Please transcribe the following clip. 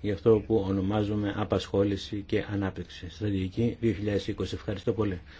για αυτό που ονομάζουμε απασχόληση και ανάπτυξη. Στρατηγική 2020. Ευχαριστώ πολύ.